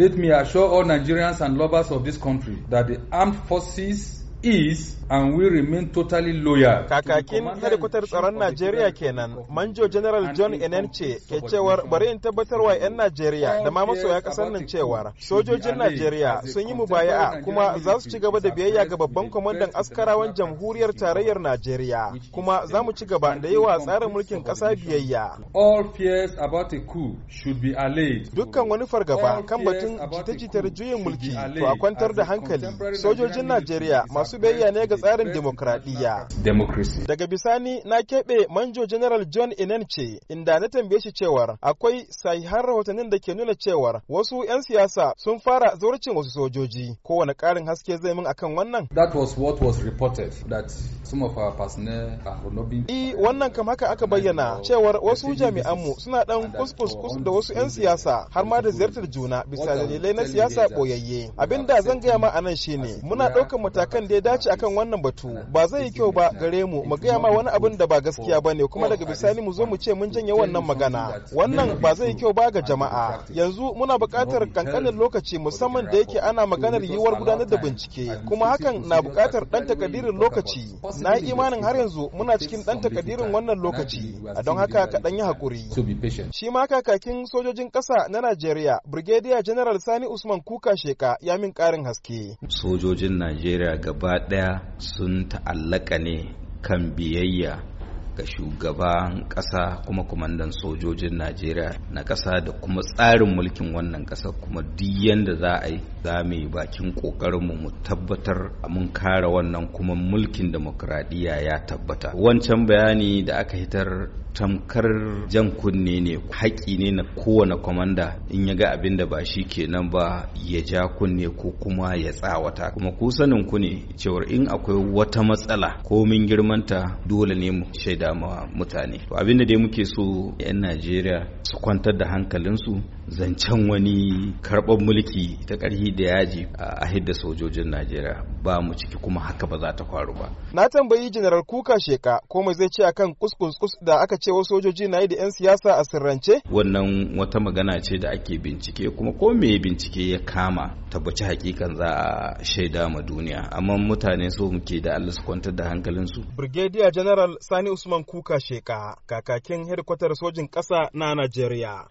Let me assure all Nigerians and lovers of this country that the armed forces is and we remain totally loyal. Kakakin hedikwatar tsaron Najeriya kenan, Manjo General John Enenche ke cewar bari in tabbatar wa 'yan Najeriya da ma masoya kasar nan cewar sojojin Najeriya sun yi mubaya'a kuma za su ci gaba da biyayya ga babban kwamandan askarawan jamhuriyar tarayyar Najeriya kuma za mu ci gaba da yi wa tsarin mulkin ƙasa biyayya. All fears about a coup should be allayed. Dukkan wani fargaba kan batun jita-jitar juyin mulki to a kwantar da hankali sojojin Najeriya masu masu biyayya ne ga tsarin demokradiyya. Daga bisani na keɓe manjo General John Inance inda na tambaye shi cewar akwai sahihan rahotannin da ke nuna cewar wasu 'yan siyasa sun fara zaurcin wasu sojoji. Kowane ƙarin haske zai min akan wannan? That was what was reported that suma fa I wannan kam haka aka bayyana cewar wasu jami'an mu suna dan kuskus da wasu 'yan siyasa har ma da ziyartar juna bisa dalilai na siyasa boyayye. abinda zan gaya ma anan shine muna ɗaukar matakan da ya dace akan wannan batu ba zai yi kyau ba gare mu mu gaya ma wani abin da ba gaskiya bane kuma daga bisani mu zo mu ce mun janye wannan magana wannan ba zai yi kyau ba ga jama'a yanzu muna buƙatar kankanin lokaci musamman da yake ana maganar yiwuwar gudanar da bincike kuma hakan na buƙatar ɗan takadirin lokaci na yi imanin har yanzu muna cikin ɗan takadirin wannan lokaci don haka kaɗan yi hakuri. shi ma kakakin sojojin ƙasa na najeriya brigadier general sani usman kuka sheka ya min ƙarin haske sojojin najeriya gaba ɗaya sun ta'allaka ne kan biyayya ga shugaban ƙasa kuma kwamandan sojojin najeriya na ƙasa da kuma tsarin mulkin wannan ƙasa kuma duk yadda za a yi za mu yi bakin ƙoƙarinmu mu tabbatar mun kare wannan kuma mulkin demokuraɗiyya ya tabbata wancan bayani da aka hitar tamkar jan kunne ne haƙƙi ne na kowane kwamanda in ya ga abin da ba shi kenan ba ya ja kunne ko kuma ya tsawata kuma ku sanin ku ne cewar in akwai wata matsala Ko komin girmanta dole ne mu shaida ma mutane to abin da dai muke so 'yan najeriya su kwantar da hankalinsu zancen wani karɓar mulki ta ƙarfi da yaji a hidda sojojin najeriya ba mu ciki kuma haka ba za ta faru ba na tambayi General kuka sheka komai zai ce akan kuskus da aka ce wasu sojoji na yi da 'yan siyasa a sirrance wannan wata magana ce da ake bincike kuma ko me bincike ya kama tabbaci hakikan za a shaida ma duniya amma mutane so muke da allah su kwantar da hankalinsu brigadier general sani usman kuka sheka kakakin hedkwatar sojin ƙasa na najeriya